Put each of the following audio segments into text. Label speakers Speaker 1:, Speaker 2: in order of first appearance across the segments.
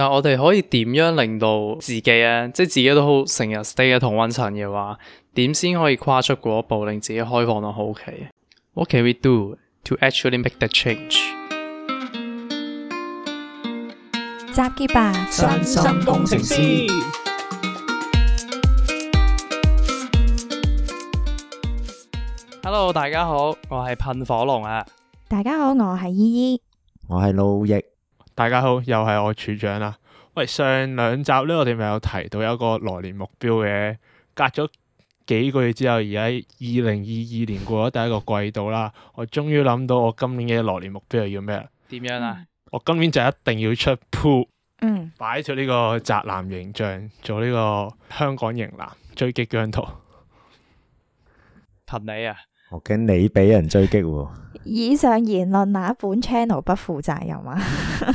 Speaker 1: 但我哋可以點樣令到自己咧，即係自己都好成日 stay 喺同溫層嘅話，點先可以跨出嗰一步，令自己開放到好奇？What can we do to actually make the change？集結吧，身心工程師。身
Speaker 2: 心工程師
Speaker 1: Hello，大家好，我係噴火龍啊！
Speaker 2: 大家好，我係依依，
Speaker 3: 我係路易。
Speaker 4: 大家好，又係我處長啦。喂，上兩集咧，我哋咪有提到有一個來年目標嘅，隔咗幾個月之後，而家二零二二年過咗第一個季度啦，我終於諗到我今年嘅來年目標係要咩？點樣啊？我今年就一定要出 pool，嗯，擺脫呢個宅男形象，做呢個香港型男，追擊疆土。憑你呀！
Speaker 3: 我驚你俾人追擊
Speaker 2: 喎、啊。以上言論，哪一本 channel 不負責任啊？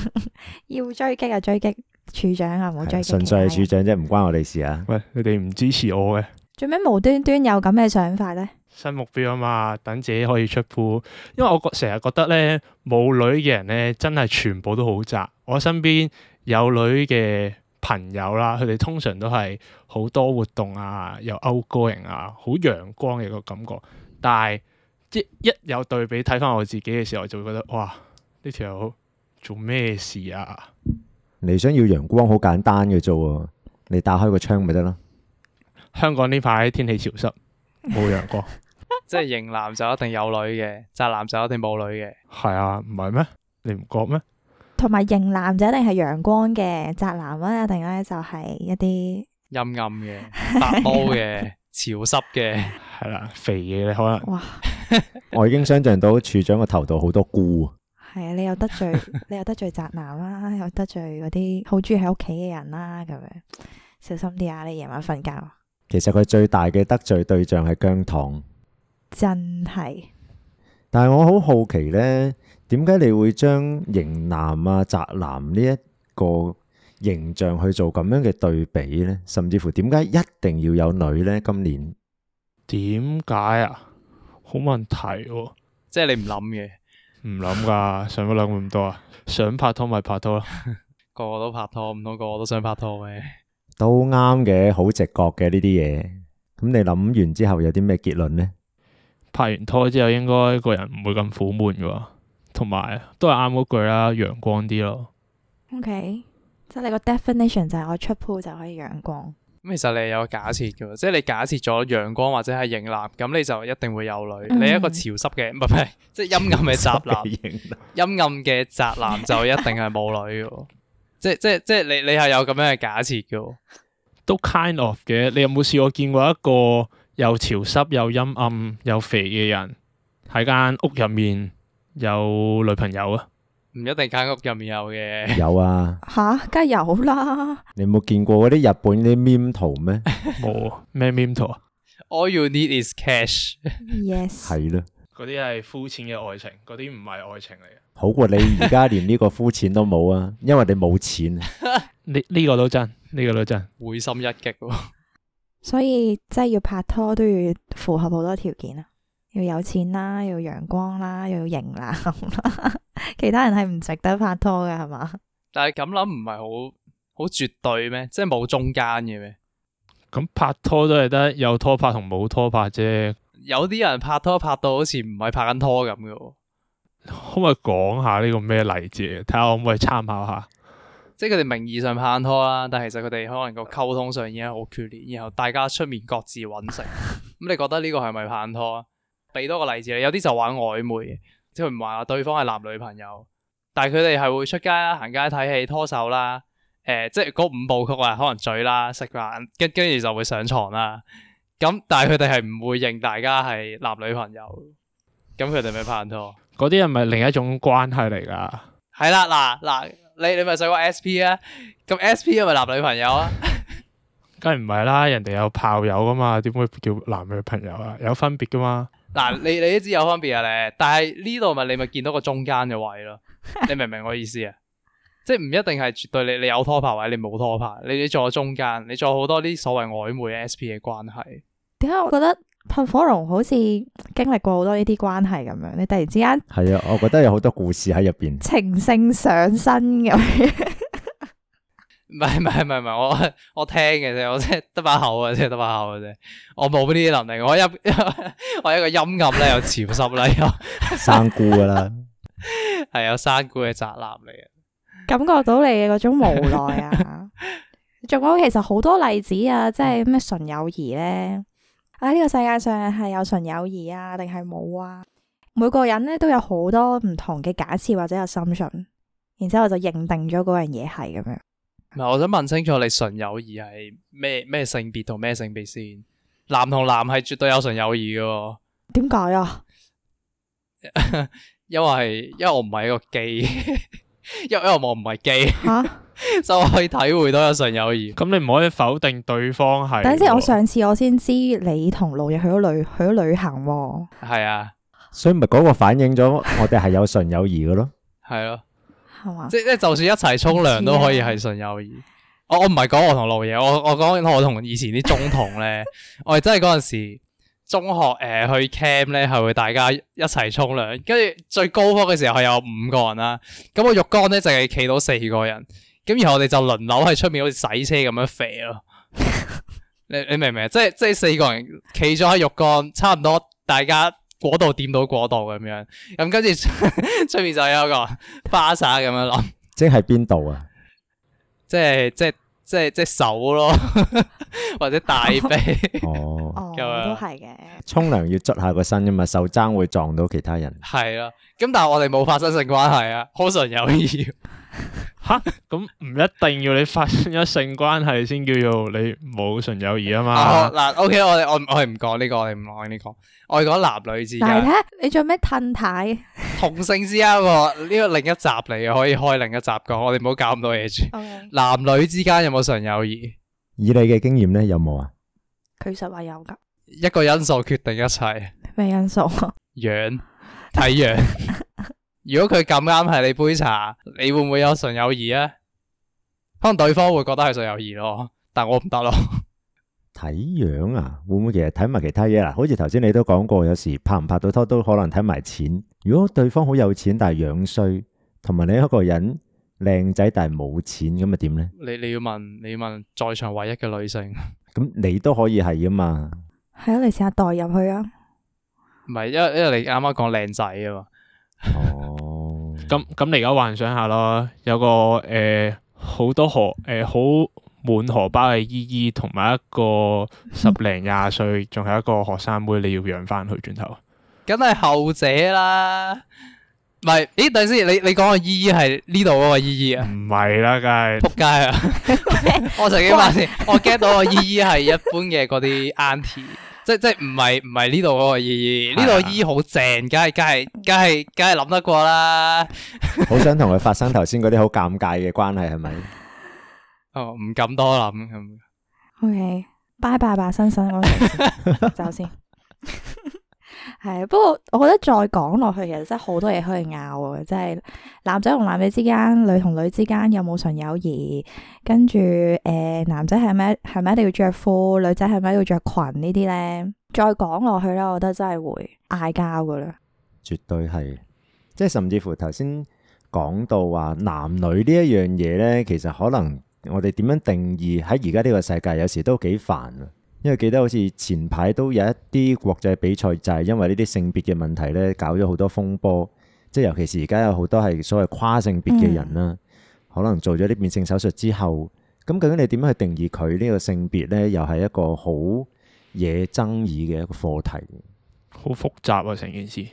Speaker 2: 要追擊啊，追擊處長啊，唔好追擊。純
Speaker 3: 粹係處長啫，唔關我哋事啊。喂，佢哋唔支持我
Speaker 4: 嘅？
Speaker 2: 做咩無端端有咁嘅想法咧？
Speaker 4: 新目標啊嘛，等自己可以出 pool。因為我成日覺得咧，冇女嘅人咧，真係全部都好宅。我身邊有女嘅朋友啦，佢哋通常都係好多活動啊，又 outgoing 啊，好陽光嘅個感覺。但係，一一有對比，睇翻我自己嘅時候，就會覺得哇！呢條友做咩事啊？
Speaker 3: 你想要陽光好簡單嘅啫喎，你打開個窗咪得咯。
Speaker 1: 香港呢排天氣潮濕，
Speaker 3: 冇陽光，
Speaker 1: 即係型男就一定有女嘅，宅男就一定冇女嘅。
Speaker 4: 係啊，唔係咩？你唔覺咩？
Speaker 2: 同埋型男就一定係陽光嘅，宅男咧一定咧就係一啲
Speaker 1: 陰暗嘅、
Speaker 4: 白毛
Speaker 2: 嘅。
Speaker 1: 潮濕嘅
Speaker 3: 係啦，肥嘢你可能哇， 我已經想象到處長個頭度好多菇
Speaker 2: 啊！係啊， 你又得罪，你又得罪宅男啦、啊，又得罪嗰啲好中意喺屋企嘅人啦、啊，咁樣小心啲啊！你夜晚瞓覺。
Speaker 3: 其實佢最大嘅得罪對象係姜糖，
Speaker 2: 真係。
Speaker 3: 但係我好好奇咧，點解你會將型男啊、宅男呢一個形象去做咁樣嘅對比呢，甚至乎點解一定要有女呢？今年
Speaker 4: 點解啊？好問題喎，
Speaker 1: 即係你唔諗嘅，
Speaker 4: 唔諗噶，想唔諗咁多啊？想拍拖咪拍拖咯，個個都拍拖，唔通個個都想拍拖咩？
Speaker 3: 都啱嘅，好直覺嘅呢啲嘢。咁你諗完之後有啲咩結論呢？
Speaker 4: 拍完拖之後，應該個人唔會咁苦悶噶，同埋都係啱嗰句啦，陽光啲咯。
Speaker 2: OK。即係你個 definition 就係我出鋪就可以陽光
Speaker 1: 咁，其實你有個假設噶，即係你假設咗陽光或者係型男，咁你就一定會有女。嗯、你一個潮濕嘅，唔係唔係，即係陰暗嘅宅男，型。陰 暗嘅宅男就一定係冇女嘅。 即係即係即係你你係有咁樣嘅假設噶。都 kind of
Speaker 4: 嘅，你有冇試過見過一個又潮濕又陰暗又肥嘅人喺間屋入
Speaker 1: 面有女朋友啊？唔一定間屋入面有嘅，有
Speaker 3: 啊
Speaker 2: 吓，梗係有啦。
Speaker 3: 你冇見過嗰啲日本啲 meme 圖咩？冇咩 meme 圖啊
Speaker 1: ？All you need is cash. Yes. 了。Yes。係咯，嗰啲係膚淺
Speaker 4: 嘅愛情，嗰啲唔係愛情嚟
Speaker 1: 嘅。好過你
Speaker 3: 而家連呢個膚淺都冇啊， 因為你冇錢。
Speaker 4: 呢呢、 呢個都真，呢、呢個都真，會心一擊、哦。
Speaker 2: 所以即係、就是、要拍拖都要符合好多條件啊。要有錢啦，要有陽光啦，要有型啦， 其他人係唔值得拍拖嘅，係嘛？
Speaker 1: 但係咁諗唔係好好絕對咩？即係冇中間嘅咩？咁拍拖都係
Speaker 4: 得有拖拍同冇拖拍啫。
Speaker 1: 有啲人拍拖拍到好似唔係拍緊拖咁嘅。
Speaker 4: 可唔可以講下呢個咩例子？睇下我可唔可以參考下？
Speaker 1: 即係佢哋名義上拍緊拖啦，啊，但係其實佢哋可能個溝通上已經好決裂，然後大家出面各自揾食。咁 你覺得呢個係咪拍緊拖啊？俾多個例子你，有啲就玩曖昧嘅，即係唔話對方係男女朋友，但係佢哋係會出街啦、行街睇戲、拖手啦，誒，即係嗰五部曲啊，可能嘴啦、食飯，跟跟住就會上牀啦。咁但係佢哋係唔會認大家係男女朋友，咁佢哋咪拍拖？
Speaker 4: 嗰啲係咪另一種關係嚟㗎？
Speaker 1: 係啦，嗱嗱，你你咪想話 S.P. 啊？咁 S.P. 係咪男女朋友啊？
Speaker 4: 梗係唔係啦？人哋有炮友㗎嘛？點會叫男女朋友啊？有分別㗎嘛？
Speaker 1: 嗱， 你你都知有分別啊咧，但係呢度咪你咪見到個中間嘅位咯，你明唔明我意思啊？ 即係唔一定係絕對你你有拖拍或者你冇拖拍，你你坐中間，你坐好多啲所謂曖昧 S P 嘅關
Speaker 2: 係。點解我覺得噴火龍好似經歷過好多呢啲關係咁樣？你突然之間係啊，我覺得有好多故事喺入邊，情聖上身咁
Speaker 1: 唔係唔係唔係唔係，我我聽嘅啫，我即係得把口啊，即係得把口嘅啫。我冇呢啲能力，我一我一個陰暗咧，又潮濕啦，又生菇㗎啦，係有生菇嘅宅男嚟嘅。
Speaker 2: 感覺到你嘅嗰種無奈啊！仲 有其實好多例子啊，即係咩純友誼咧？喺、哎、呢、這個世界上係有純友誼啊，定係冇啊？每個人咧都有好多唔同嘅假設或者 assumption 然之後我就認定咗嗰樣嘢係咁樣。
Speaker 1: 唔係，我想問清楚，你純友誼係咩咩性別同咩性別先？男同男係絕對有純友誼嘅。
Speaker 2: 點解啊？因為
Speaker 1: 因為我唔係一個基，因為因為我唔係基，
Speaker 2: 就可以體
Speaker 1: 會到有純友誼。咁你唔可以否定對方係。
Speaker 2: 等陣先，我上次我先知你同路亦去咗旅去咗旅行喎。
Speaker 1: 係啊，
Speaker 3: 所以咪嗰個反映咗我哋係有純友誼嘅咯。
Speaker 1: 係咯。即即就算一齊沖涼都可以係純友誼，我唔係講我同老爺，我我講我同以前啲中同呢， 我哋真係嗰陣時中學誒、呃、去 camp 呢，係會大家一齊沖涼，跟住最高峰嘅時候係有五個人啦，咁個浴缸呢，就係企到四個人，咁然後我哋就輪流喺出面好似洗車咁樣肥咯， 你明唔明啊？即即四個人企咗喺浴缸，差唔多大家。嗰度掂到嗰度咁樣，咁跟住出面就有一個花灑咁樣咯 ，
Speaker 3: 即係邊度啊？
Speaker 1: 即係即係即係即係手咯，或者大髀 哦，咁 樣、哦、都
Speaker 2: 係嘅。
Speaker 3: 沖涼要捽下個身吖嘛，手踭會撞到其他人。
Speaker 1: 係啦、啊，咁但係我哋冇發生性關係啊，好純友誼。 吓，咁唔
Speaker 4: 一定要你發生咗性關係先叫做你冇純友誼 啊嘛。嗱，O K，我我
Speaker 1: 我唔講呢個，我唔講呢個，我講、這個、男女之
Speaker 4: 間、啊。
Speaker 2: 你做咩褪太？ 同性之間喎、
Speaker 1: 啊，呢個另一集嚟嘅，可以開另一集講。我哋唔好搞咁多嘢。男女之間有冇純友誼？
Speaker 3: 以你嘅經驗咧，有冇啊？
Speaker 2: 佢實話有噶。一
Speaker 1: 個因素決定一切。咩因素、啊？樣。睇樣。如果佢咁啱係你杯茶，你會唔會有純友誼啊？可能對方會覺得係純友誼咯，但我唔得咯。
Speaker 3: 睇樣啊，會唔會其實睇埋其他嘢啦、啊？好似頭先你都講過，有時拍唔拍到拖都可能睇埋錢。如果對方好有錢，但係樣衰，同埋你一個人靚仔但係冇錢，咁咪點呢？
Speaker 1: 你你要問，你要問在場唯一嘅女性。
Speaker 3: 咁 你都可以係噶嘛？
Speaker 2: 係啊，你試下代入去啊。唔係，因
Speaker 1: 為因為你啱啱講靚仔啊嘛。
Speaker 4: 哦，咁咁、 嗯嗯、你而家幻想下咯，有個誒好、呃、多荷誒好滿荷包嘅姨姨，同埋一個十零廿歲仲係一個學生妹，你要養翻佢轉頭，
Speaker 1: 梗係後者啦。唔係，咦等先，你你講嘅姨姨係呢度嗰個姨姨？啊？唔係啦，梗係仆街啊！我澄清下先，我 get 到個姨姨係一般嘅嗰啲 aunty。即即唔係唔係呢度嗰個姨姨，呢度姨姨好正，梗係梗係梗係梗係諗得過啦。
Speaker 3: 好 想同佢發生頭先嗰啲好尷尬嘅關係，係咪？哦，
Speaker 1: 唔敢多諗，okay。
Speaker 2: OK，拜拜 先走，拜身身，我走先。係，不過我覺得再講落去，其實真係好多嘢可以拗啊！即係男仔同男仔之間，女同女之間有冇純友誼？跟住誒、呃，男仔係咪係咪一定要着褲？女仔係咪要着裙呢啲咧？再講落去咧，我覺得真係會嗌交噶啦，
Speaker 3: 絕對係。即係甚至乎頭先講到話男女呢一樣嘢咧，其實可能我哋點樣定義喺而家呢個世界，有時都幾煩啊。因為記得好似前排都有一啲國際比賽，就係因為呢啲性別嘅問題咧，搞咗好多風波。即係尤其是而家有好多係所謂跨性別嘅人啦，嗯、可能做咗啲變性手術之後，咁究竟你點樣去定義佢呢個性別咧？又係一個好惹爭議嘅一個課題。
Speaker 4: 好複雜啊，成件事。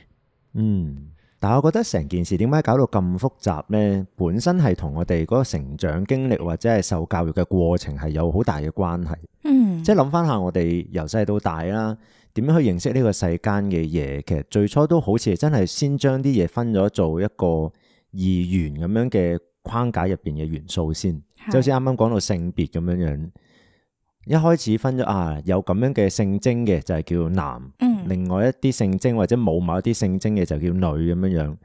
Speaker 3: 嗯。但我覺得成件事點解搞到咁複雜呢？本身係同我哋嗰個成長經歷或者係受教育嘅過程係有好大嘅關係。嗯，即係諗翻下我哋由細到大啦，點樣去認識呢個世間嘅嘢？其實最初都好似真係先將啲嘢分咗做一個二元咁樣嘅框架入邊嘅元素先，是就好似啱啱講到性別咁樣樣。一開始分咗啊，有咁樣嘅性徵嘅就係叫男，嗯，另外一啲性徵或者冇某一啲性徵嘅就叫女咁樣樣。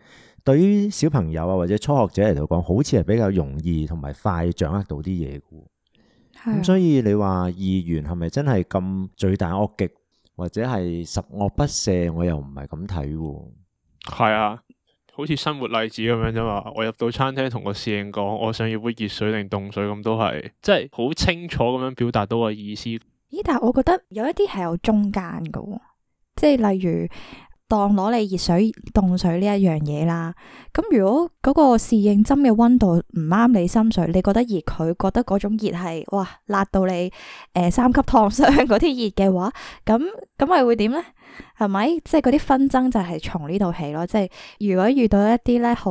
Speaker 3: 對於小朋友啊，或者初學者嚟到講，好似係比較容易同埋快掌握到啲嘢嘅。咁所以你話二元係咪真係咁罪大惡極或者係十惡不赦？我又唔係咁睇。係啊。
Speaker 4: 好似生活例子咁樣啫嘛，我入到餐廳同個侍應講，我想要杯熱水定凍水，咁都係即係好清楚咁樣表達到個意思。
Speaker 2: 咦？但係我覺得有一啲係有中間嘅，即係例如當攞你熱水、凍水呢一樣嘢啦。咁如果嗰個侍應斟嘅溫度唔啱你心水，你覺得熱，佢覺得嗰種熱係哇辣到你誒、呃、三級燙傷嗰啲熱嘅話，咁咁係會點咧？係咪？即係嗰啲紛爭就係從呢度起咯。即係如果遇到一啲咧好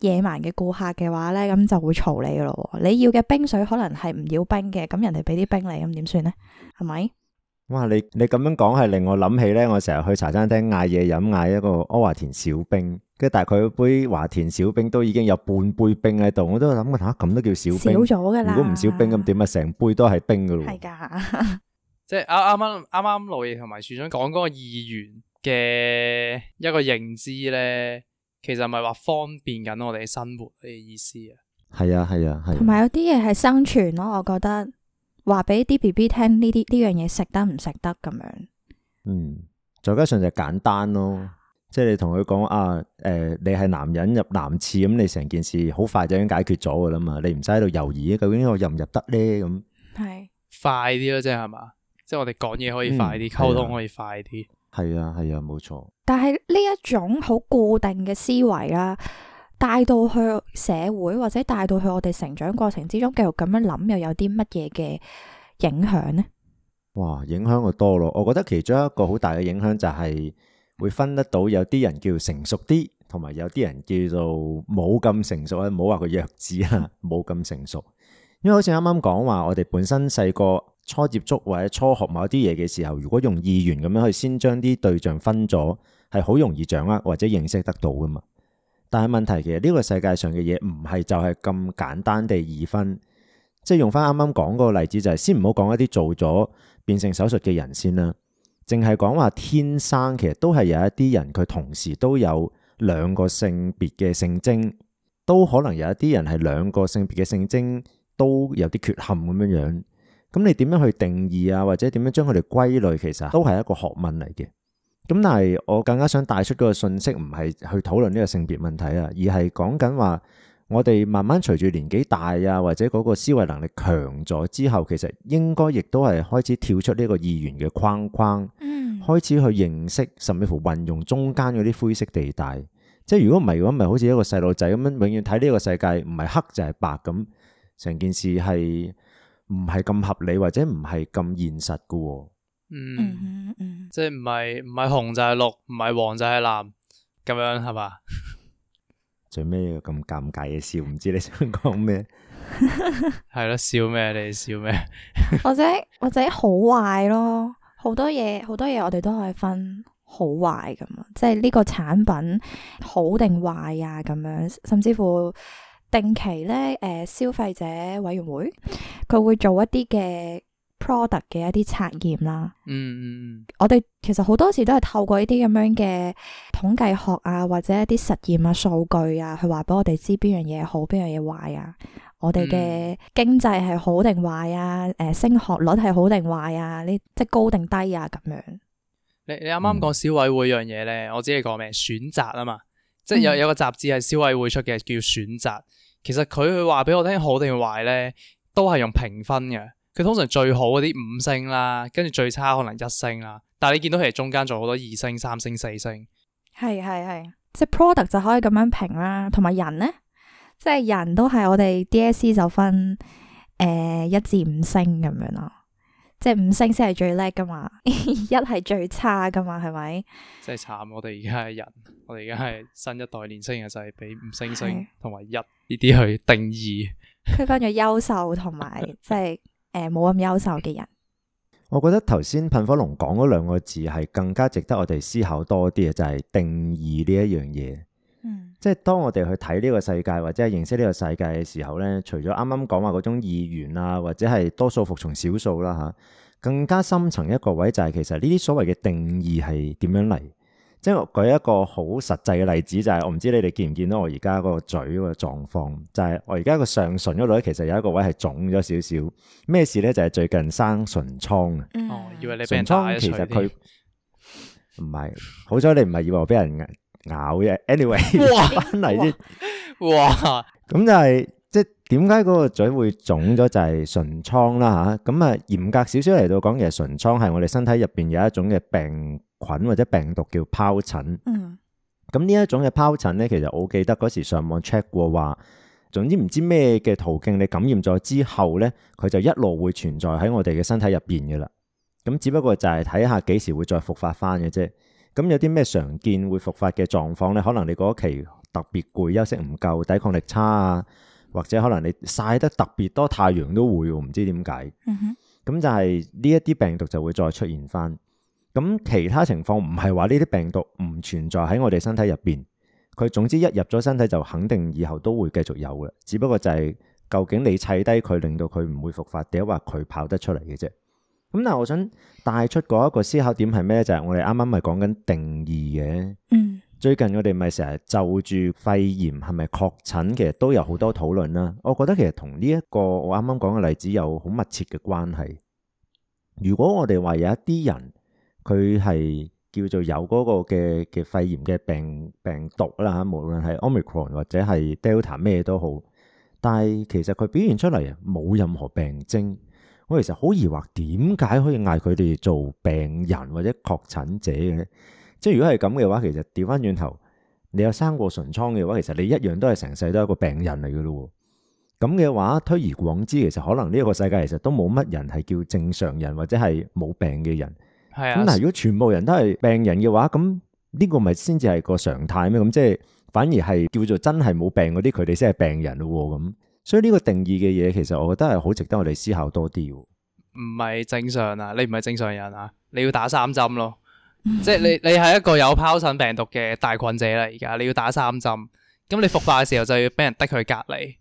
Speaker 2: 野蠻嘅顧客嘅話咧，咁就會嘈你噶咯。你要嘅冰水可能係唔要冰嘅，咁人哋俾啲冰你，咁點算咧？係咪？
Speaker 3: 哇！你你咁樣講係令我諗起咧，我成日去茶餐廳嗌嘢飲，嗌一個阿華田少冰，跟住但係佢杯華田少冰都已經有半杯冰喺度，我都諗下，吓、啊，咁都叫少冰？少咗噶啦，如果唔少冰咁點啊？成杯都係冰噶咯，係噶。
Speaker 1: 即係啱啱啱啱羅爺同埋署長講嗰個二元嘅一個認知咧，其實咪話方便緊我哋生活嘅意思啊？
Speaker 3: 係啊係啊，同
Speaker 2: 埋、啊、有啲嘢係生存咯。我覺得話俾啲 B B 聽呢啲呢樣嘢食得唔食得咁樣。嗯，
Speaker 3: 再加上就簡單咯，即係你同佢講啊，誒、呃，你係男人入男廁咁，你成件事好快就已經解決咗噶啦嘛，你唔使喺度猶豫啊，究竟我入唔入得咧咁。
Speaker 2: 係
Speaker 1: 是快啲咯，即係係嘛？即係我哋講嘢可以快啲，溝通可以快啲。係啊，係啊，冇錯。
Speaker 2: 但係呢一種好固定嘅思維啦，帶到去社會或者帶到去我哋成長過程之中，繼續咁樣諗，又有啲乜嘢嘅影響呢？
Speaker 3: 哇，影響就多咯。我覺得其中一個好大嘅影響就係會分得到有啲人叫成熟啲，同埋有啲人叫做冇咁成熟啊。冇話佢弱智啊，冇咁成熟。因為好似啱啱講話，我哋本身細個初接觸或者初學某一啲嘢嘅時候，如果用二元咁樣去先將啲對象分咗，係好容易掌握或者認識得到噶嘛。但係問題其實呢個世界上嘅嘢唔係就係咁簡單地二分，即係用翻啱啱講嗰個例子，就係先唔好講一啲做咗變性手術嘅人先啦，淨係講話天生其實都係有一啲人佢同時都有兩個性別嘅性徵，都可能有一啲人係兩個性別嘅性徵。都有啲缺陷咁樣樣，咁你點樣去定義啊？或者點樣將佢哋歸類？其實都係一個學問嚟嘅。咁但係我更加想帶出個信息，唔係去討論呢個性別問題啊，而係講緊話，我哋慢慢隨住年紀大啊，或者嗰個思維能力強咗之後，其實應該亦都係開始跳出呢個二元嘅框框，嗯。開始去認識甚至乎運用中間嗰啲灰色地帶。即係如果唔係嘅話，咪好似一個細路仔咁樣，永遠睇呢個世界唔係黑就係白咁。成件事係唔係咁合理，或者唔係咁現實嘅。嗯，嗯
Speaker 1: 即係唔係唔係紅就係綠，唔係黃就係藍，咁樣係嘛？
Speaker 3: 最屘要咁尷尬嘅笑，唔知你想講咩？
Speaker 1: 係咯， 笑咩？你笑咩？
Speaker 2: 或者或者好壞咯，好多嘢、好多嘢，我哋都可以分好壞咁，即係呢個產品好定壞啊？咁樣，甚至乎。定期咧，誒、呃、消費者委員會佢會做一啲嘅 product 嘅一啲測驗啦。嗯嗯，嗯嗯我哋其實好多時都係透過呢啲咁樣嘅統計學啊，或者一啲實驗啊、數據啊，去話俾我哋知邊樣嘢好，邊樣嘢壞啊。我哋嘅經濟係好定壞啊？誒、嗯呃，升學率係好定壞啊？呢即係高定低啊？咁樣。
Speaker 1: 你你啱啱講消委會樣嘢咧，我知你講咩？選擇啊嘛。嗯、即係有有個雜誌係消委會出嘅叫選擇，其實佢佢話俾我聽好定壞咧，都係用評分嘅。佢通常最好嗰啲五星啦，跟住最差可能一星啦。但係你見到其實中間仲有好多二星、三星、四星，
Speaker 2: 係係係，即係 product 就可以咁樣評啦。同埋人咧，即係人都係我哋 DSE 就分誒一至五星咁樣咯。即係五星先係最叻噶嘛， 一係最差噶嘛，係咪？即
Speaker 1: 係慘，我哋而家係人，我哋而家係新一代年輕人就係俾五星星同埋一呢啲去定義，
Speaker 2: 區分咗優秀同埋即係誒冇咁優秀嘅人。
Speaker 3: 我覺得頭先噴火龍講嗰兩個字係更加值得我哋思考多啲嘅，就係定義呢一樣嘢。即係當我哋去睇呢個世界或者係認識呢個世界嘅時候咧，除咗啱啱講話嗰種二元啊，或者係多數服從少數啦、啊、吓，更加深層一個位就係其實呢啲所謂嘅定義係點樣嚟？即係我舉一個好實際嘅例子，就係我唔知你哋見唔見到我而家個嘴個狀況，就係、是、我而家個上唇嗰度咧，其實有一個位係腫咗少少。咩事咧？就係、是、最近生唇瘡啊！哦、嗯，以為你唇瘡其實佢唔係，好彩你唔係以為我俾人。咬嘅 anyway 翻嚟啫，哇！咁 就係即係點解嗰個嘴會腫咗？就係、是、唇瘡啦吓。咁啊，嚴格少少嚟到講，其實唇瘡係我哋身體入邊有一種嘅病菌或者病毒叫皰疹。嗯。咁呢一種嘅皰疹咧，其實我記得嗰時上網 check 過話，總之唔知咩嘅途徑你感染咗之後咧，佢就一路會存在喺我哋嘅身體入邊嘅啦。咁只不過就係睇下幾時會再復發翻嘅啫。咁有啲咩常見會復發嘅狀況呢？可能你嗰期特別攰，休息唔夠，抵抗力差啊，或者可能你曬得特別多太陽都會，唔知點解。咁、嗯、哼就係呢一啲病毒就會再出現翻。咁其他情況唔係話呢啲病毒唔存在喺我哋身體入邊，佢總之一入咗身體就肯定以後都會繼續有嘅，只不過就係究竟你砌低佢，令到佢唔會復發，定係話佢跑得出嚟嘅啫？咁嗱，我想帶出嗰一個思考點係咩？就係、是、我哋啱啱咪講緊定義嘅。嗯、最近我哋咪成日就住肺炎係咪確診，其實都有好多討論啦。我覺得其實同呢一個我啱啱講嘅例子有好密切嘅關係。如果我哋話有一啲人佢係叫做有嗰個嘅嘅肺炎嘅病病毒啦嚇，無論係 Omicron 或者係 Delta 咩都好，但係其實佢表現出嚟冇任何病徵。我其實好疑惑，點解可以嗌佢哋做病人或者確診者嘅？嗯、即係如果係咁嘅話，其實調翻轉頭，你有生過唇瘡嘅話，其實你一樣都係成世都係一個病人嚟嘅咯。咁嘅話推而廣之，其實可能呢一個世界其實都冇乜人係叫正常人或者係冇病嘅人。
Speaker 1: 係啊。咁但係如果
Speaker 3: 全部人都係病人嘅話，咁呢個咪先至係個常態咩？咁即係反而係叫做真係冇病嗰啲，佢哋先係病人咯。咁。所以呢個定義嘅嘢，其實我覺得係好值得我哋思考多啲。唔
Speaker 1: 係正常啊！你唔係正常人啊！你要打三針咯， 即係你你係一個有疱疹病毒嘅帶菌者啦、啊。而家你要打三針，咁你復發嘅時候就要俾人逼佢隔離，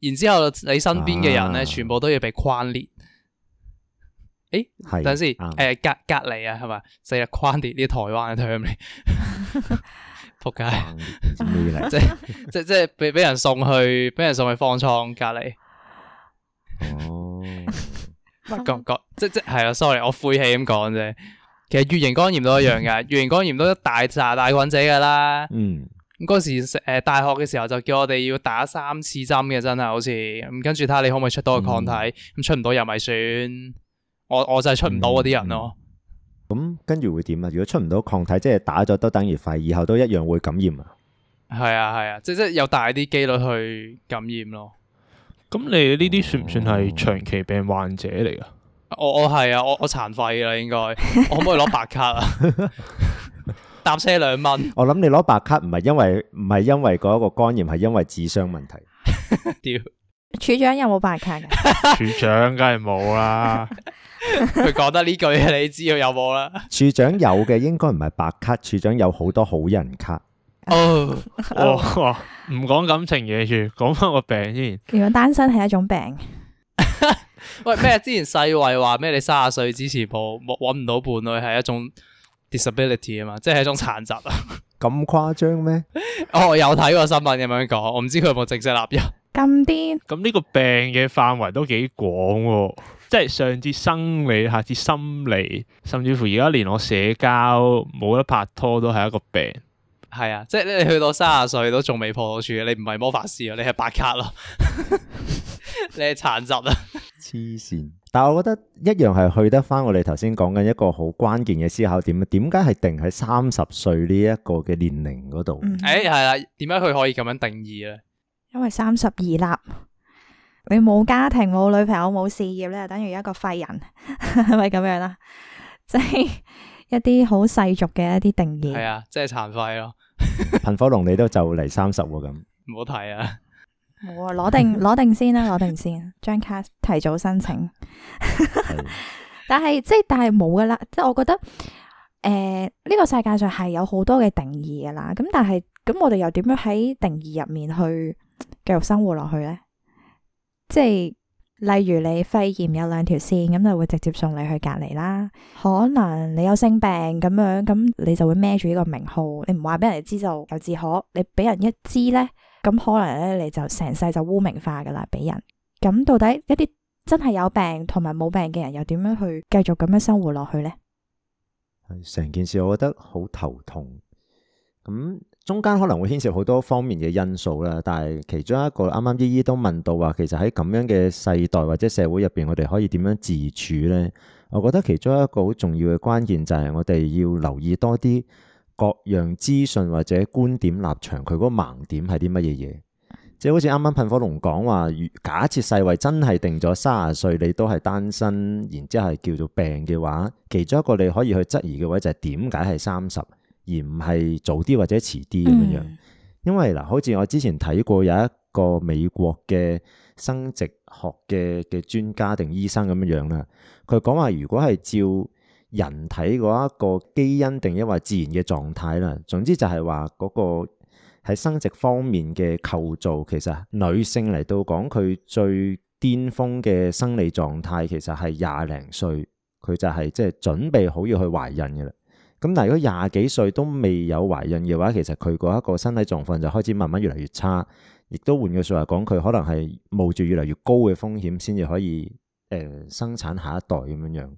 Speaker 1: 然之後你身邊嘅人咧、啊、全部都要被匡列。誒、欸、等陣先，誒的、呃、隔隔離啊，係咪成日匡列啲台灣嘅 t e a 仆街，即係即係即係俾俾人送去，俾人送去方艙隔離。哦、 oh. 講講即即係啦，sorry，我晦氣咁講啫。其實乙型肝炎都一樣噶，乙型肝炎都一大紮大菌仔噶啦。嗯、mm.，嗰時誒大學嘅時候就叫我哋要打三次針嘅，真係好似咁跟住睇下你可唔可以出到個抗體，咁、mm. 出唔到又咪算。我我就係出唔到嗰啲人咯。Mm.
Speaker 3: 咁跟住會點啊？如果出唔到抗體，即係打咗都等於廢，以後都一樣會感染啊！係
Speaker 1: 啊係啊，即係即係有大啲幾率去感染咯。
Speaker 3: 咁你呢啲算唔算係長期病患者嚟噶？
Speaker 1: 哦，我我係啊，我我殘廢啦，應該我可唔可以攞白卡啊？
Speaker 3: 搭 車兩蚊。我諗你攞白卡唔係因為唔係因為嗰一個肝炎，係因為智商問題。
Speaker 2: 屌 處長有冇白卡？
Speaker 3: 處長梗係冇啦。
Speaker 1: 佢講 得呢句，你知佢有冇啦？
Speaker 3: 處長有嘅應該唔係白卡，處長有好多好人卡。
Speaker 1: 哦，唔講感情嘢住，講翻個
Speaker 4: 病先。
Speaker 2: 如果單身係一種病，
Speaker 1: 喂咩？之前世衛話咩？你三十歲之前破冇搵唔到伴侶係一種 disability 啊嘛，即係一種殘疾啊。
Speaker 3: 咁誇張咩？我
Speaker 1: 有睇過新聞咁樣講，我唔知佢有冇正式納入。咁癲？咁呢個病嘅範圍都
Speaker 4: 幾廣。即係上至生理，下至心理，甚至乎而家連我社交冇得拍拖都係一個病。
Speaker 1: 係啊，即係你去到三十歲都仲未破處，你唔係魔法師啊，你係白卡咯， 你係殘疾
Speaker 3: 啊！黐線。但係我覺得一樣係去得翻我哋頭先講緊一個好關鍵嘅思考點，嗯欸、啊，點解係定喺三十歲呢一個嘅年齡嗰度？
Speaker 1: 誒係啦，點解佢可以咁樣定義咧？
Speaker 2: 因為三十而立。你冇家庭、冇女朋友、冇事業咧，就等於一個廢人，係咪咁樣啦？即 係一啲好世俗嘅一啲定
Speaker 3: 義，係啊，即係殘廢咯。噴 火龍你都就嚟三十喎，咁唔好睇啊，
Speaker 2: 冇 啊，攞定攞定先啦、啊，攞 定先、啊，張、啊、卡提早申請。 但係即係，但係冇噶啦，即係我覺得誒，呢、呃呢個世界上係有好多嘅定義噶啦。咁但係咁，我哋又點樣喺定義入面去繼續生活落去咧？即係例如你肺炎有兩條線，咁就會直接送你去隔離啦。可能你有性病咁樣，咁你就會孭住呢個名號，你唔話俾人知就有自可，你俾人一知呢，咁可能咧你就成世就污名化噶啦俾人。咁到底一啲真係有病同埋冇病嘅人又點樣去繼續咁樣生活落去呢？
Speaker 3: 成件事我覺得好頭痛咁。嗯中間可能會牽涉好多方面嘅因素啦，但係其中一個啱啱依依都問到話，其實喺咁樣嘅世代或者社會入邊，我哋可以點樣自處呢？我覺得其中一個好重要嘅關鍵就係我哋要留意多啲各樣資訊或者觀點立場，佢嗰個盲點係啲乜嘢嘢？即係好似啱啱噴火龍講話，假設世衛真係定咗三十歲，你都係單身，然之後係叫做病嘅話，其中一個你可以去質疑嘅位就係點解係三十？而唔係早啲或者遲啲咁樣，嗯、因為嗱，好似我之前睇過有一個美國嘅生殖學嘅嘅專家定醫生咁樣樣啦，佢講話如果係照人體嗰一個基因定抑或自然嘅狀態啦，總之就係話嗰個喺生殖方面嘅構造，其實女性嚟到講佢最巔峰嘅生理狀態，其實係廿零歲，佢就係即係準備好要去懷孕嘅啦。咁但係如果廿幾歲都未有懷孕嘅話，其實佢嗰一個身體狀況就開始慢慢越嚟越差，亦都換句說話講，佢可能係冒住越嚟越高嘅風險，先至可以誒、呃、生產下一代咁樣樣。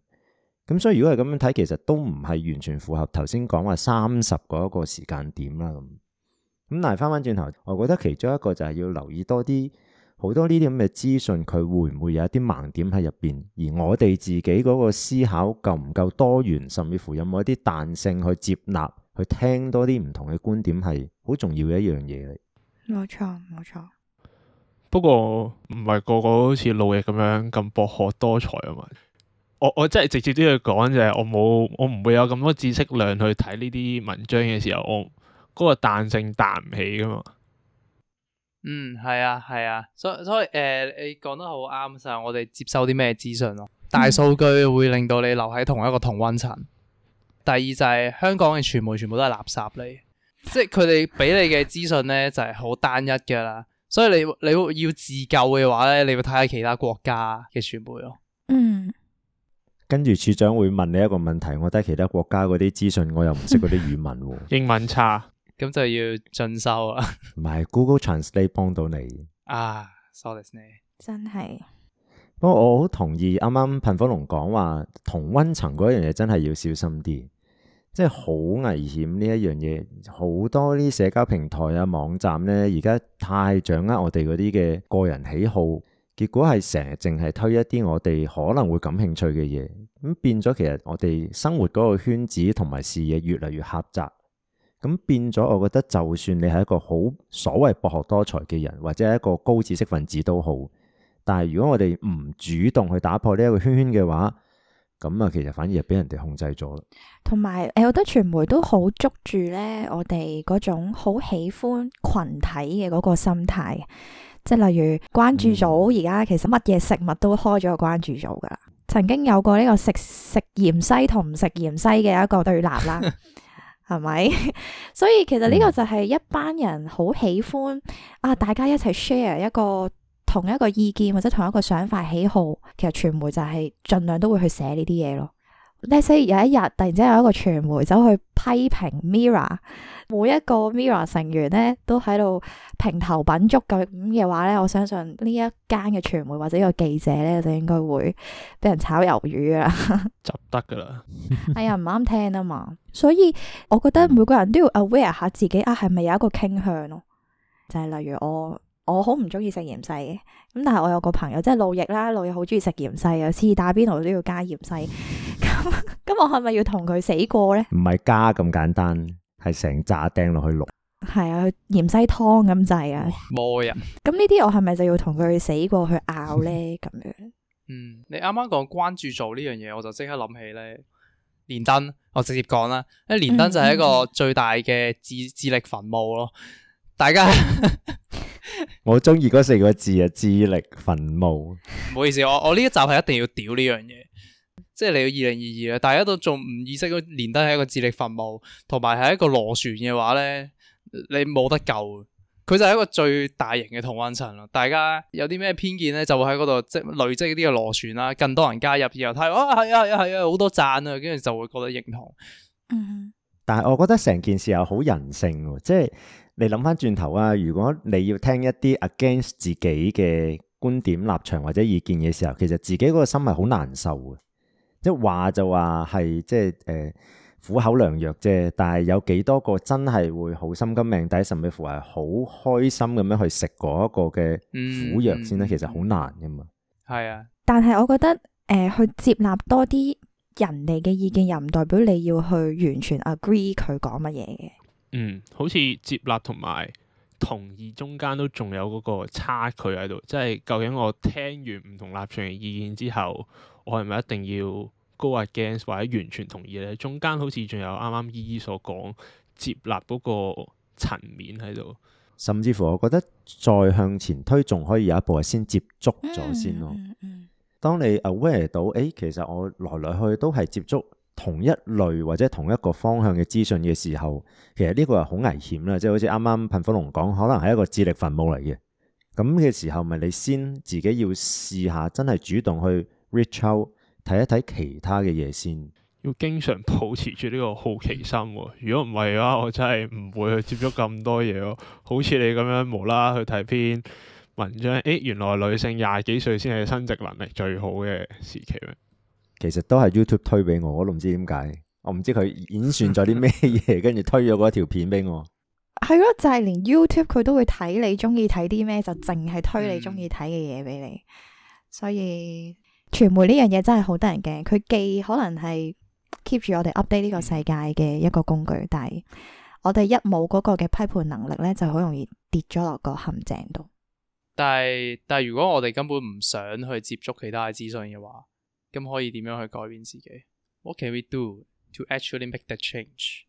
Speaker 3: 咁所以如果係咁樣睇，其實都唔係完全符合頭先講話三十嗰一個時間點啦。咁咁但係翻翻轉頭，我覺得其中一個就係要留意多啲。好多呢啲咁嘅資訊，佢會唔會有一啲盲點喺入邊？而我哋自己嗰個思考夠唔夠多元，甚至乎有冇一啲彈性去接納，去聽多啲唔同嘅觀點，係好重要嘅一樣嘢嚟。
Speaker 2: 冇錯，冇錯。
Speaker 3: 不過
Speaker 4: 唔係個個好似老葉咁樣咁博學多才啊嘛。我我真係直接都要講就係，我冇我唔會有咁多知識量去睇呢啲文章嘅時候，我嗰個彈性彈唔起噶嘛。
Speaker 1: 嗯，係啊，係啊，所以、呃、所以誒，你講得好啱晒。我哋接收啲咩資訊咯。大數據會令到你留喺同一個同溫層。第二就係、是、香港嘅傳媒全部都係垃圾嚟，即係佢哋俾你嘅資訊咧就係好單一噶啦。所以你你要自救嘅話咧，你要睇下其他國家嘅傳媒咯。嗯，
Speaker 3: 跟住處長會問你一個問題，我睇其他國家嗰啲資訊，我又唔識嗰啲語文，
Speaker 1: 英文差。咁就要進修啦。
Speaker 3: 唔係 Google Translate 幫到你
Speaker 1: 啊，sorry 你真係是。
Speaker 3: 不過我好同意啱啱噴火龍講話，同温層嗰樣嘢真係要小心啲，即係好危險呢一樣嘢。好多啲社交平台啊網站咧，而家太掌握我哋嗰啲嘅個人喜好，結果係成日淨係推一啲我哋可能會感興趣嘅嘢，咁變咗其實我哋生活嗰個圈子同埋視野越嚟越狹窄。咁變咗，我覺得就算你係一個好所謂博學多才嘅人，或者係一個高知識分子都好，但係如果我哋唔主動去打破呢一個圈圈嘅話，咁啊，其實反而係俾人哋控制咗咯。
Speaker 2: 同埋，誒，我覺得傳媒都好捉住咧，我哋嗰種好喜歡群體嘅嗰個心態，即係例如關注組，而家其實乜嘢食物都開咗個關注組噶啦。嗯、曾經有過呢個食食芫茜同唔食芫茜嘅一個對立啦。 係咪？ 所以其實呢個就係一班人好喜歡啊，大家一齊 share 一個同一個意見或者同一個想法、喜好，其實傳媒就係盡量都會去寫呢啲嘢咯。Let's say, 有一日突然之間有一個傳媒走去。批評 m i r r o r 每一個 m i r r o r 成員咧都喺度評頭品足句咁嘅話咧，我相信呢一間嘅傳媒或者個記者咧就應該會俾人炒魷魚啦，就得噶啦。哎呀，唔啱聽啊嘛， 所以我覺得每個人都要 aware 下自己啊，係咪有一個傾向咯，就係、是、例如我我好唔中意食芫荽嘅，咁但係我有個朋友即係、就是、路易啦，路易好中意食芫荽啊，次次打邊爐都要加芫荽。 咁 我係咪要同佢死過咧？
Speaker 3: 唔係加咁簡單，係成扎釘落去碌。
Speaker 2: 係 啊，鹽西湯咁滯啊，冇人。咁呢啲我係咪就要同佢死過去拗咧？咁樣。嗯，
Speaker 1: 你啱啱講關注做呢樣嘢，我就即刻諗起咧連登。我直接講啦，因為連登就係一個最大嘅智智、嗯嗯、力墳墓咯。大家
Speaker 3: 我中意嗰四個字啊，智力墳墓。唔
Speaker 1: 好意思，我我呢一集係一定要屌呢樣嘢。即係嚟到二零二二啊，大家都仲唔意識連登係一個智力墳墓，同埋係一個螺旋嘅話咧，你冇得救。佢就係一個最大型嘅同溫層咯。大家有啲咩偏見咧，就會喺嗰度積累積啲嘅螺旋啦，更多人加入以後，然後睇啊係啊係啊，好多讚啊，跟住、啊啊啊、就會覺得認同。嗯、
Speaker 3: 哼但係我覺得成件事又好人性嘅，即係你諗翻轉頭啊。如果你要聽一啲 against 自己嘅觀點、立場或者意見嘅時候，其實自己嗰個心係好難受。一話就話係即係誒，苦口良藥啫，但係有幾多個真係會好心甘命抵，甚至乎係好開心咁樣去食嗰一個嘅苦藥先咧？嗯，其實好難噶嘛。
Speaker 1: 係啊，
Speaker 2: 但係我覺得誒、呃、去接納多啲人哋嘅意見，又唔代表你要去完全 agree 佢講乜嘢嘅。嗯，
Speaker 4: 好似接納同埋同意中間都仲有嗰個差距喺度，即係究竟我聽完唔同立場嘅意見之後，我係咪一定要？高或 against 或者完全同意咧，中間好似仲有啱啱依依所講接納嗰個層面喺度，
Speaker 3: 甚至乎我覺得再向前推仲可以有一步係先接觸咗先咯。 當你 aware 到誒、哎，其實我來來去都係接觸同一類或者同一個方向嘅資訊嘅時候，其實呢個係、就是、好危險啦，即係好似啱啱噴火龍講，可能係一個智力墳墓嚟嘅。咁嘅時候咪你先自己要試下，真係主動去 reach out。睇一睇其他嘅嘢先，
Speaker 4: 要經常保持住呢個好奇心，啊。如果唔係嘅話，我真係唔會去接觸咁多嘢咯。好似你咁樣無啦去睇篇文章，誒、哎，原來女性廿幾歲先係生殖能力最好嘅時期。
Speaker 3: 其實都係 YouTube 推俾我，我都唔知點解，我唔知佢演算咗啲咩嘢，跟住推咗嗰一條片俾我。
Speaker 2: 係咯， 就係、是、連 YouTube 佢都會睇你中意睇啲咩，就淨係推你中意睇嘅嘢俾你，嗯、所以。傳媒呢樣嘢真係好得人驚，佢既可能係 keep 住我哋 update 呢個世界嘅一個工具，但係我哋一冇嗰個嘅批判能力咧，就好容易跌咗落個陷阱度。
Speaker 1: 但係但係如果我哋根本唔想去接觸其他嘅資訊嘅話，咁可以點樣去改變自己？What can we do to actually make that change？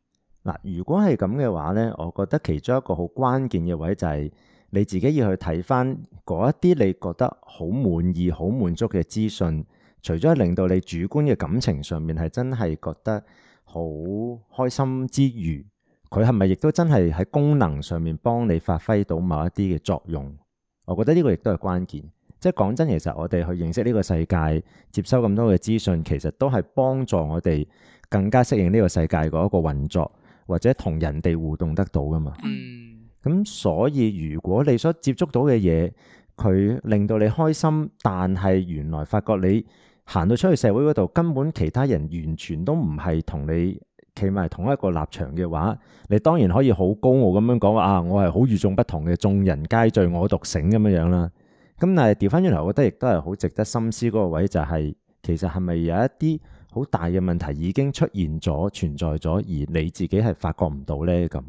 Speaker 3: 嗱，如果係咁嘅話咧，我覺得其中一個好關鍵嘅位就係、是。你自己要去睇翻嗰一啲，你覺得好滿意、好滿足嘅資訊，除咗係令到你主觀嘅感情上面係真係覺得好開心之餘，佢係咪亦都真係喺功能上面幫你發揮到某一啲嘅作用？我覺得呢個亦都係關鍵。即係講真，其實我哋去認識呢個世界，接收咁多嘅資訊，其實都係幫助我哋更加適應呢個世界嗰一個運作，或者同人哋互動得到㗎嘛。嗯。咁所以如果你所接觸到嘅嘢，佢令到你開心，但係原來發覺你行到出去社會嗰度，根本其他人完全都唔係同你企埋同一個立場嘅話，你當然可以好高傲咁樣講話啊，我係好與眾不同嘅，眾人皆醉我獨醒咁樣樣啦。咁但係調翻轉頭，我覺得亦都係好值得深思嗰個位就係，其實係咪有一啲好大嘅問題已經出現咗、存在咗，而你自己係發覺唔到呢？咁。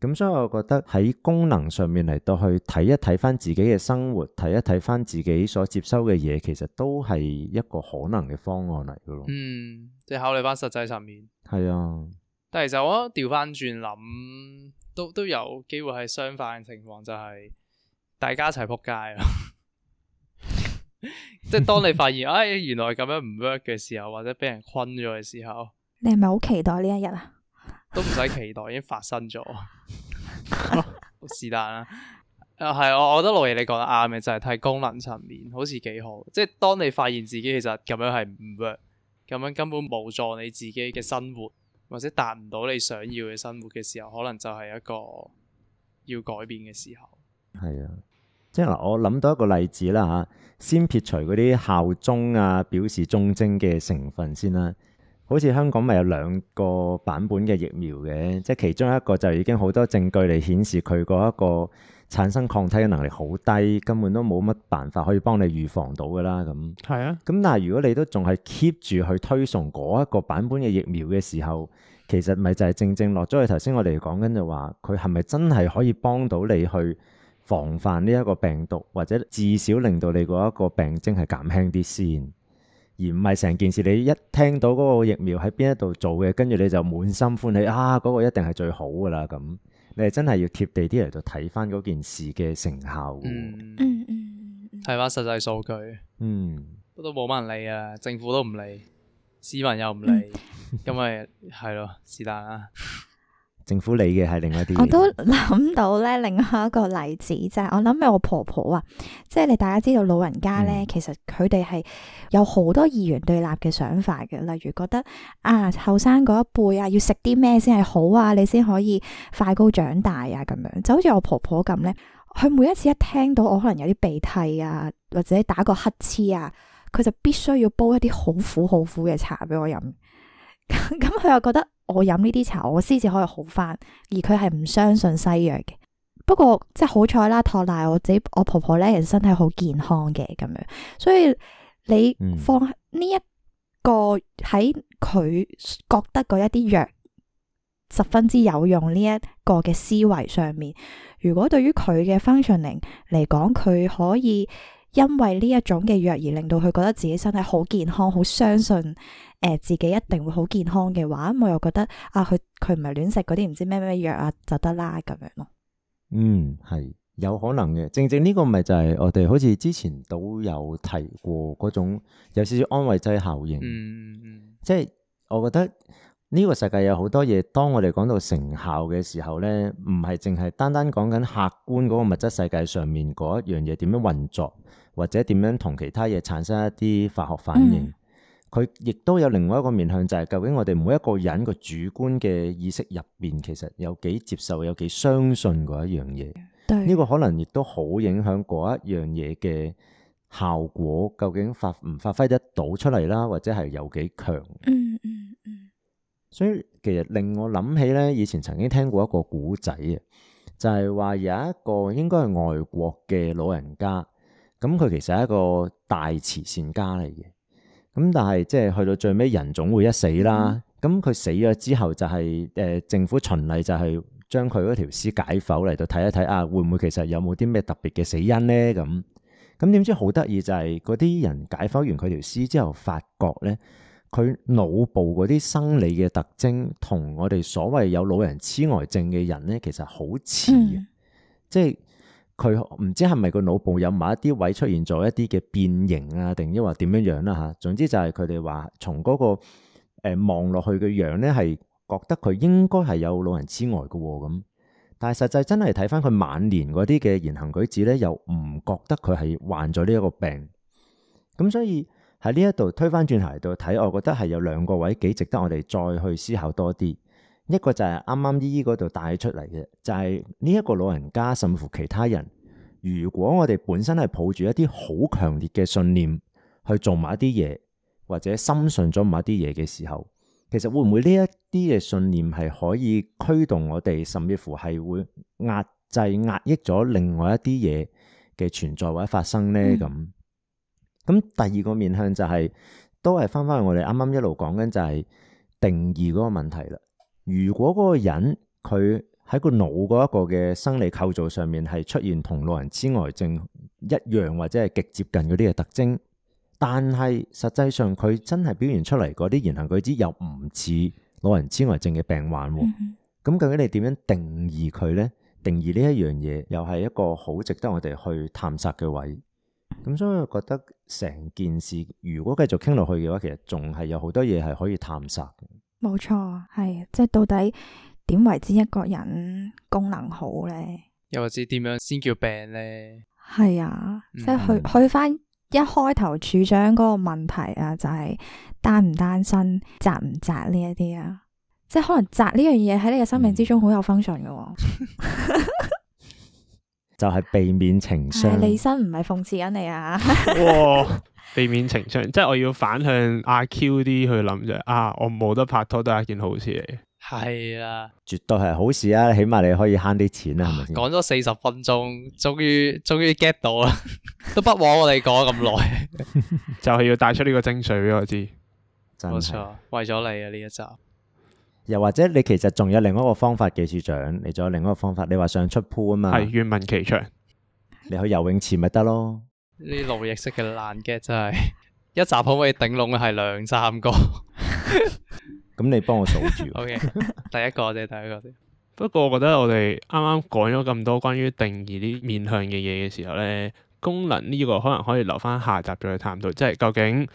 Speaker 3: 咁所以，我覺得喺功能上面嚟到去睇一睇返自己嘅生活，睇一睇返自己所接收嘅嘢，其實都係一個可能嘅方案嚟嘅咯。嗯，
Speaker 1: 即係考慮返實際上面。
Speaker 3: 係啊，但係
Speaker 1: 其實我調返轉諗，都都有機會係相反嘅情況，就係、是、大家一齊撲街咯。 即係當你發現，唉、哎，原來咁樣唔 work 嘅時候，或者俾人困咗嘅時候，
Speaker 2: 你係咪好期待呢一日啊？
Speaker 1: 都唔使期待，已經發生咗，是但啦。啊、呃，係，我我覺得老爺你講得啱嘅，就係、是、睇功能層面，好似幾好。即係當你發現自己其實咁樣係唔 work，咁樣根本冇助你自己嘅生活，或者達唔到你想要嘅生活嘅時候，可能就係一個要改變嘅時
Speaker 3: 候。係啊，即係嗱，我諗到一個例子啦吓，先撇除嗰啲效忠啊、表示忠貞嘅成分先啦。好似香港咪有兩個版本嘅疫苗嘅，即係其中一個就已經好多證據嚟顯示佢嗰一個產生抗體嘅能力好低，根本都冇乜辦法可以幫你預防到㗎啦咁。係啊，咁但係如果你都仲係 keep 住去推崇嗰一個版本嘅疫苗嘅時候，其實咪就係正正落咗去頭先我哋講緊就話，佢係咪真係可以幫到你去防範呢一個病毒，或者至少令到你嗰一個病徵係減輕啲先？而唔係成件事，你一聽到嗰個疫苗喺邊一度做嘅，跟住你就滿心歡喜啊！嗰個一定係最好㗎啦咁。你係真係要貼地啲嚟到睇翻嗰件事嘅成效
Speaker 1: 喎。嗯嗯，睇翻實際數據。嗯，都冇乜人理啊，政府都唔理，市民又唔理，咁咪係咯，
Speaker 3: 是但啊。 政府理嘅係另外一啲，我都諗
Speaker 2: 到咧。另外一個例子就係我諗起我婆婆啊，即係你大家知道老人家咧，其實佢哋係有好多二元對立嘅想法嘅。例如覺得啊，後生嗰一輩啊，要食啲咩先係好啊，你先可以快高長大啊，咁樣就好似我婆婆咁咧。佢每一次一聽到我可能有啲鼻涕啊，或者打個乞嗤啊，佢就必須要煲一啲好苦好苦嘅茶俾我飲。咁佢又覺得我飲呢啲茶，我先至可以好翻，而佢係唔相信西藥嘅。不過即係好彩啦，托賴我自己，我婆婆咧人身體好健康嘅咁樣。所以你放呢一個喺佢覺得嗰一啲藥十分之有用呢一個嘅思維上面，如果對於佢嘅 functioning 嚟講，佢可以。因為呢一種嘅藥而令到佢覺得自己身體好健康，好相信誒自己一定會好健康嘅話，我又覺得啊，佢佢唔係亂食嗰啲唔知咩咩藥啊，就得啦咁樣咯。嗯，
Speaker 3: 係有可能嘅。正正呢個咪就係我哋好似之前都有提過嗰種有少少安慰劑效應。嗯，嗯。即係我覺得呢個世界有好多嘢，當我哋講到成效嘅時候咧，唔係淨係單單講緊客觀嗰個物質世界上面嗰一樣嘢點樣運作。或者點樣同其他嘢產生一啲化學反應？佢亦、嗯、都有另外一個面向，就係、是、究竟我哋每一個人個主觀嘅意識入邊，其實有幾接受、有幾相信嗰一樣嘢？呢對個可能亦都好影響嗰一樣嘢嘅效果，究竟發唔發揮得到出嚟啦，或者係有幾強？嗯嗯嗯。所以其實令我諗起咧，以前曾經聽過一個古仔啊，就係、是、話有一個應該係外國嘅老人家。咁佢其實係一個大慈善家嚟嘅，咁但係即係去到最尾，人總會一死啦，咁佢、嗯、死咗之後就係、是、誒、呃、政府循例就係將佢嗰條屍解剖嚟到睇一睇、啊，啊會唔會其實有冇啲咩特別嘅死因咧？咁咁點知好得意就係嗰啲人解剖完佢條屍之後，發覺咧佢腦部嗰啲生理嘅特徵，同我哋所謂有老人痴呆症嘅人咧，其實好似嘅，嗯、即係。佢唔知係咪個腦部有某一啲位出現咗一啲嘅變形啊？定抑或點樣樣啦？嚇，總之就係佢哋話從嗰個、呃、望落去嘅樣咧，係覺得佢應該係有老人痴呆嘅咁。但係實際真係睇翻佢晚年嗰啲嘅言行舉止咧，又唔覺得佢係患咗呢一個病。咁所以喺呢一度推翻轉頭嚟度睇，我覺得係有兩個位幾值得我哋再去思考多啲。一個就係啱啱姨姨嗰度帶出嚟嘅，就係呢一個老人家，甚至乎其他人，如果我哋本身係抱住一啲好強烈嘅信念去做埋一啲嘢，或者深信咗某一啲嘢嘅時候，其實會唔會呢一啲嘅信念係可以驅動我哋，甚至乎係會壓制壓抑咗另外一啲嘢嘅存在或者發生呢？咁咁、嗯、第二個面向就係、是、都係翻翻去我哋啱啱一路講緊就係、是、定義嗰個問題啦。如果嗰個人佢喺個腦嗰一個嘅生理構造上面係出現同老人痴呆症一樣或者係極接近嗰啲嘅特徵，但係實際上佢真係表現出嚟嗰啲言行舉止又唔似老人痴呆症嘅病患，咁、嗯、哼究竟你點樣定義佢呢？定義呢一樣嘢又係一個好值得我哋去探索嘅位，咁所以我覺得成件事如果繼續傾落去嘅話，其實仲係有好多嘢係可以探索。
Speaker 2: 冇錯，係即係到底點為之一個人功能好咧？
Speaker 1: 又或者點樣先叫病咧？
Speaker 2: 係啊，嗯、即係去去翻一開頭處長嗰個問題啊，就係、是、單唔單身、宅唔宅呢一啲啊，即係可能宅呢樣嘢喺你嘅生命之中好有 function 嘅喎，
Speaker 3: 就係避免情傷。你
Speaker 2: 身唔係諷刺緊你啊！
Speaker 3: 哇避免情
Speaker 4: 傷，即係我要反向阿 Q 啲去諗啫。啊，我冇得拍拖都係一件好事嚟。
Speaker 1: 係啊，
Speaker 3: 絕對係好事啊！起碼你可以慳啲錢啊，係咪先？
Speaker 1: 講咗四十分鐘，終於終於 get 到啦， 都不枉我哋講咁耐。 就係
Speaker 4: 要帶出呢個精髓俾我知。冇錯
Speaker 1: 的，為咗你啊呢一集。
Speaker 3: 又或者你其實仲有另一個方法，記者長，你仲有另一個方法，你話想出鋪啊嘛？係，願聞其詳。 你去游泳池咪得咯？
Speaker 1: 啲路役式嘅爛嘅，真係一集可唔可以頂籠嘅係兩三個，
Speaker 3: 咁 你幫我數
Speaker 1: 住。OK，第一個先，第一個先。
Speaker 4: 不過我覺得我哋啱啱講咗咁多關於定義啲面向嘅嘢嘅時候呢，功能呢個可能可以留翻下集再去探討。即係究竟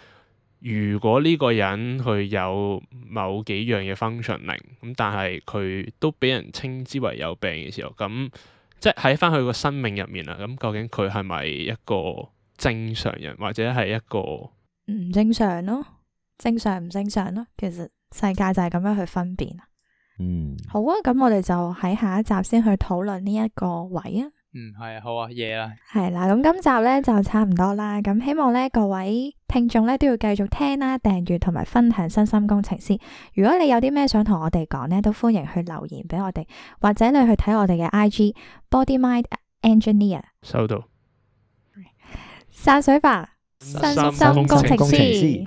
Speaker 4: 如果呢個人佢有某幾樣嘅 functioning 咁但係佢都俾人稱之為有病嘅時候，咁即係喺翻佢個生命入面啊，咁究竟佢係咪一個？正常人或者係一個唔
Speaker 2: 正常咯，正常唔正常咯，其實世界就係咁樣去分辨。嗯，好啊，咁我哋就喺下一集先去討論呢一個位啊。嗯，
Speaker 1: 係啊，好啊，夜啦，
Speaker 2: 係啦，咁今集咧就差唔多啦。咁希望咧各位聽眾咧都要繼續聽啦、訂閱同埋分享身心工程師。如果你有啲咩想同我哋講咧，都歡迎去留言俾我哋，或者你去睇我哋嘅 IG Body Mind Engineer。收到。散水吧，身心工程師。